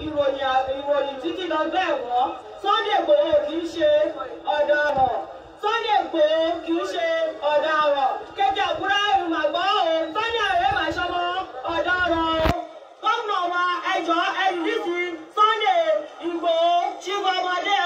ìròyìn ìròyìn títí lọ bẹ́ẹ̀ wọ́n Sunday Igboho kì í ṣe ọ̀daràn Sunday Igboho kì í ṣe ọ̀daràn kẹjẹ àkúrẹ́ ìmàgbọ́ o Sunday ààrẹ màṣọmọ ọ̀daràn o gómìnà wa ẹjọ́ ẹ̀yìn nísìnyí Sunday Igboho ṣígun ọmọdé